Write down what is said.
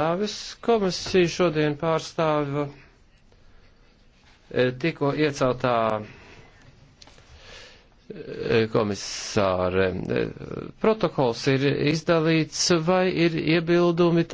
Dāvis komisija šodien pārstāv eh, tikko ieceltā eh, komisāre. Eh, protokols ir izdalīts vai ir iebildumi?